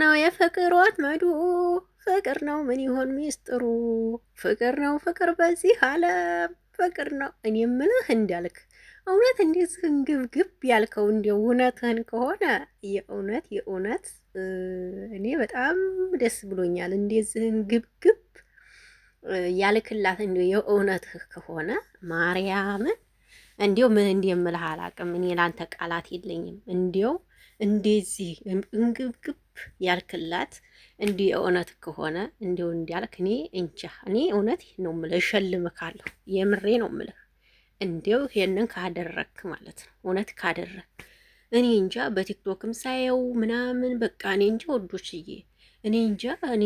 ነው የፍቅር ወጥመዱ፣ ፍቅር ነው ምን ይሆን ሚስጥሩ፣ ፍቅር ነው ፍቅር በዚህ ዓለም ፍቅር ነው። እኔ ምልህ እንዳልክ እውነት እንደዚህ ግብግብ ያልከው እንደው እውነትህን ከሆነ የእውነት የእውነት እኔ በጣም ደስ ብሎኛል። እንደዚህ እንግብግብ ያልክላት እንደው የእውነትህ ከሆነ ማርያምን እንዲው ምን እንደምልህ አላውቅም። እኔ ላንተ ቃላት የለኝም እንዲው እንደዚህ እንግብግብ ያልክላት እንዲ እውነት ከሆነ እንዲ እንዲያልክ እኔ እንጃ። እኔ እውነት ነው ምለ እሸልምካለሁ። የምሬ ነው ምልህ እንዲው ይሄንን ካደረክ ማለት ነው እውነት ካደረክ እኔ እንጃ። በቲክቶክም ሳየው ምናምን በቃ እኔ እንጃ ወዶችዬ፣ እኔ እንጃ። እኔ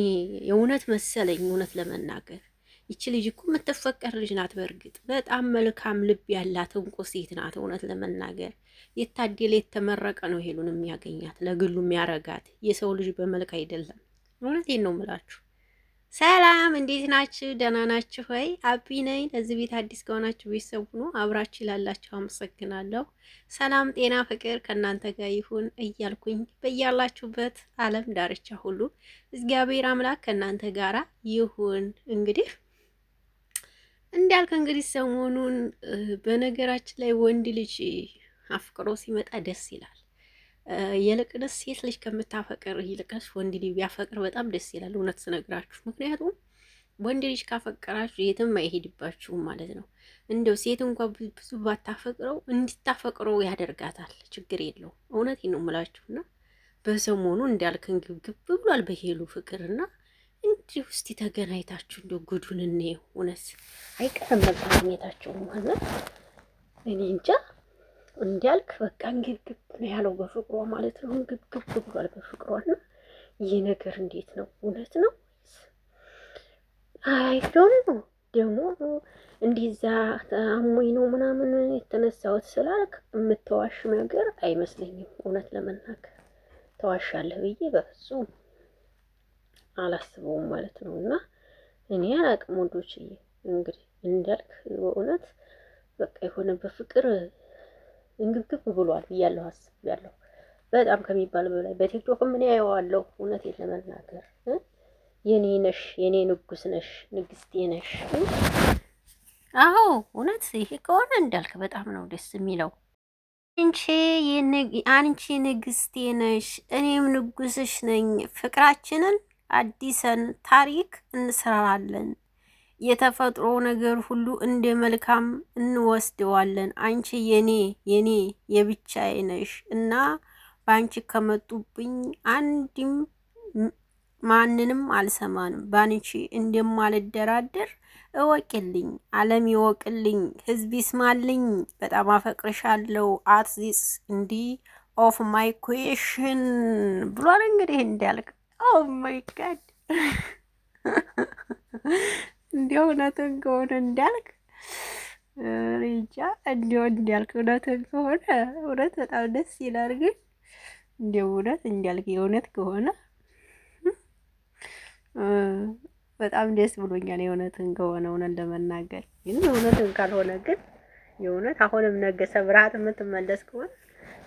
የእውነት መሰለኝ እውነት ለመናገር ይቺ ልጅ እኮ የምትፈቀር ልጅ ናት። በእርግጥ በጣም መልካም ልብ ያላት እንቁ ሴት ናት። እውነት ለመናገር የታደለ የተመረቀ ነው ሄሉን የሚያገኛት ለግሉ የሚያረጋት የሰው ልጅ በመልክ አይደለም። እውነቴን ነው የምላችሁ። ሰላም እንዴት ናችሁ? ደህና ናችሁ ወይ? አቢ ነኝ። እዚህ ቤት አዲስ ከሆናችሁ ቤተሰቡ ሁኑ። አብራችሁ ላላችሁ አመሰግናለሁ። ሰላም፣ ጤና፣ ፍቅር ከእናንተ ጋር ይሁን እያልኩኝ በያላችሁበት ዓለም ዳርቻ ሁሉ እግዚአብሔር አምላክ ከእናንተ ጋራ ይሁን። እንግዲህ እንዳልከ እንግዲህ ሰሞኑን በነገራችን ላይ ወንድ ልጅ አፍቅሮ ሲመጣ ደስ ይላል። የልቅንስ ሴት ልጅ ከምታፈቅር ይልቅስ ወንድ ልጅ ቢያፈቅር በጣም ደስ ይላል፣ እውነት ስነግራችሁ። ምክንያቱም ወንድ ልጅ ካፈቀራችሁ የትም አይሄድባችሁም ማለት ነው። እንደው ሴት እንኳ ብዙ ባታፈቅረው እንድታፈቅረው ያደርጋታል፣ ችግር የለው። እውነት ነው ምላችሁና በሰሞኑ እንዳልክ ግብግብ ብሏል በሄሉ ፍቅርና እንዲህ ውስጥ ተገናኝታችሁ እንደ ጉዱን እኔ እውነት አይቀርም መገናኘታችሁ ሆነ እኔ እንጃ እንዲያልክ በቃ እንግብግብ ነው ያለው በፍቅሯ ማለት ነው። እንግብግብ ብሏል በፍቅሯና ይህ ነገር እንዴት ነው? እውነት ነው አይ አይዶን ነው ደግሞ እንዲዛ አሞኝ ነው ምናምን የተነሳሁት ስላልክ የምትዋሽ ነገር አይመስለኝም። እውነት ለመናገር ተዋሻለህ ብዬ በፍጹም አላስበውም ማለት ነው። እና እኔ አላቅም ወንዶች እንግዲህ እንዳልክ በእውነት በቃ የሆነ በፍቅር እንግብግብ ብሏል እያለሁ አስብ ያለሁ በጣም ከሚባል በላይ በቲክቶክ እኔ ያየዋለሁ። እውነት ለመናገር የኔ ነሽ የኔ ንጉስ ነሽ ንግስቴ ነሽ። አዎ እውነት ይሄ ከሆነ እንዳልክ በጣም ነው ደስ የሚለው። አንቺ አንቺ ንግስቴ ነሽ እኔም ንጉስሽ ነኝ ፍቅራችንን አዲሰን ታሪክ እንሰራለን። የተፈጥሮ ነገር ሁሉ እንደ መልካም እንወስደዋለን። አንቺ የኔ የኔ የብቻዬ ነሽ እና በአንቺ ከመጡብኝ አንድም ማንንም አልሰማንም። ባንቺ እንደማልደራደር እወቅልኝ፣ ዓለም ይወቅልኝ፣ ህዝብ ይስማልኝ። በጣም አፈቅርሻለሁ። አትዚስ እንዲ ኦፍ ማይ ኩዌሽን ብሏል እንግዲህ እንዲያልቅ ኦ ማይ ጋድ እንዲያው እውነትን ከሆነ እንዳልክ ሪጃ እንዲያው እንዳልክ እውነትን ከሆነ እውነት በጣም ደስ ይላል። ግን እንዲያው እውነት እንዳልክ የእውነት ከሆነ በጣም ደስ ብሎኛል። የእውነትን ከሆነ እውነት ለመናገር ግን እውነትን ካልሆነ ግን የእውነት አሁንም ነገ ሰብረሃት የምትመለስ ከሆነ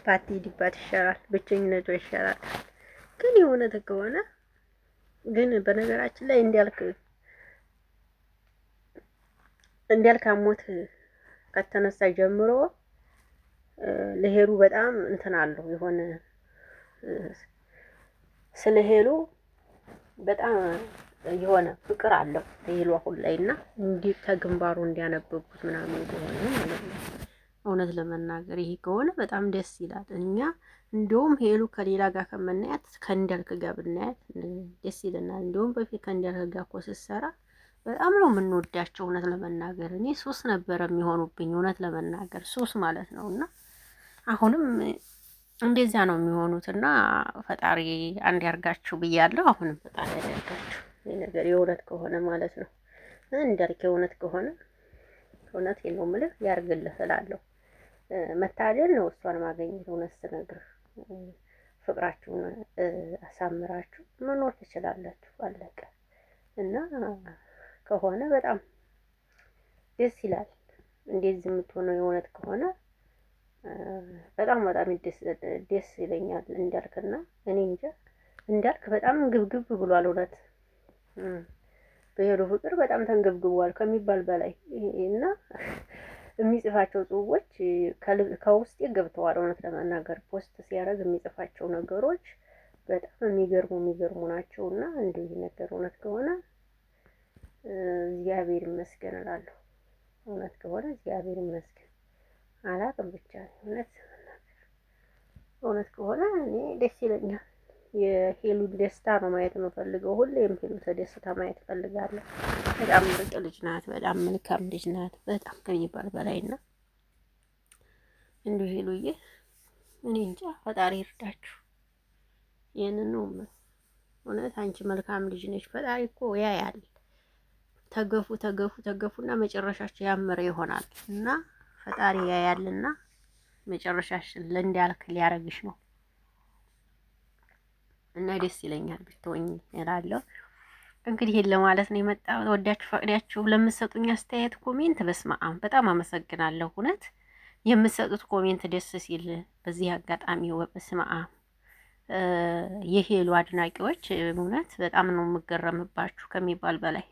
ባትሄድባት ይሻላል፣ ብቸኝነቷ ይሻላል። ግን የእውነት ከሆነ ግን በነገራችን ላይ እንዲያልክ እንዲያልክ አሞት ከተነሳ ጀምሮ ለሄሉ በጣም እንትን አለው የሆነ ስለ ሄሉ በጣም የሆነ ፍቅር አለው ለሄሉ አሁን ላይ እና እንዲ ከግንባሩ እንዲያነበብኩት ምናምን ሆነ ማለት ነው። እውነት ለመናገር ይሄ ከሆነ በጣም ደስ ይላል። እኛ እንደውም ሄሉ ከሌላ ጋር ከምናያት ከእንዳልክ ጋር ብናያት ደስ ይለናል። እንደውም በፊት ከእንዳልክ ጋር እኮ ስትሰራ በጣም ነው የምንወዳቸው። እውነት ለመናገር እኔ ሶስት ነበረ የሚሆኑብኝ እውነት ለመናገር ሶስት ማለት ነው። እና አሁንም እንደዚያ ነው የሚሆኑት። እና ፈጣሪ አንድ ያርጋችሁ ብያለሁ። አሁንም ፈጣሪ ያርጋችሁ። ይህ ነገር የእውነት ከሆነ ማለት ነው። እንዳልክ የእውነት ከሆነ እውነት ነው የምልህ ያርግልህ እላለሁ። መታደል ነው እሷን ማገኘት። እውነት ስነግርህ ፍቅራችሁን አሳምራችሁ መኖር ትችላላችሁ። አለቀ እና ከሆነ በጣም ደስ ይላል። እንደዚህ የምትሆነው የእውነት ከሆነ በጣም በጣም ደስ ይለኛል። እንዳልክና እኔ እንጃ እንዳልክ በጣም ግብግብ ብሏል። እውነት በሄዱ ፍቅር በጣም ተንገብግቧል ከሚባል በላይ እና የሚጽፋቸው ጽሁፎች ከውስጤ ገብተዋል። እውነት ለመናገር ፖስት ሲያደርግ የሚጽፋቸው ነገሮች በጣም የሚገርሙ የሚገርሙ ናቸው እና እንዲህ ነገር እውነት ከሆነ እግዚአብሔር ይመስገን እላለሁ። እውነት ከሆነ እግዚአብሔር ይመስገን አላቅም ብቻ እውነት እውነት ከሆነ እኔ ደስ ይለኛል። የሄሉን ደስታ ነው ማየት የምፈልገው። ሁሌም ሄሉ ተደስታ ማየት ፈልጋለሁ። በጣም ምርጥ ልጅ ናት። በጣም መልካም ልጅ ናት። በጣም ከሚባል በላይ ና እንዲሁ ሄሉዬ፣ እኔ እንጃ ፈጣሪ ይርዳችሁ። ይህንን እውነት። አንቺ መልካም ልጅ ነች። ፈጣሪ እኮ ያያል። ተገፉ ተገፉ ተገፉና መጨረሻችሁ ያመረ ይሆናል እና ፈጣሪ ያያልና መጨረሻችን ለእንዲያልክ ሊያረግሽ ነው። እና ደስ ይለኛል ብትወኝ እላለሁ። እንግዲህ ይሄን ለማለት ነው የመጣው። ወዳችሁ ፈቅዳችሁ ለምትሰጡኝ አስተያየት ኮሜንት፣ በስመ አብ በጣም አመሰግናለሁ። እውነት የምትሰጡት ኮሜንት ደስ ሲል፣ በዚህ አጋጣሚ በስመ አብ የሄሉ አድናቂዎች እውነት በጣም ነው የምገረምባችሁ ከሚባል በላይ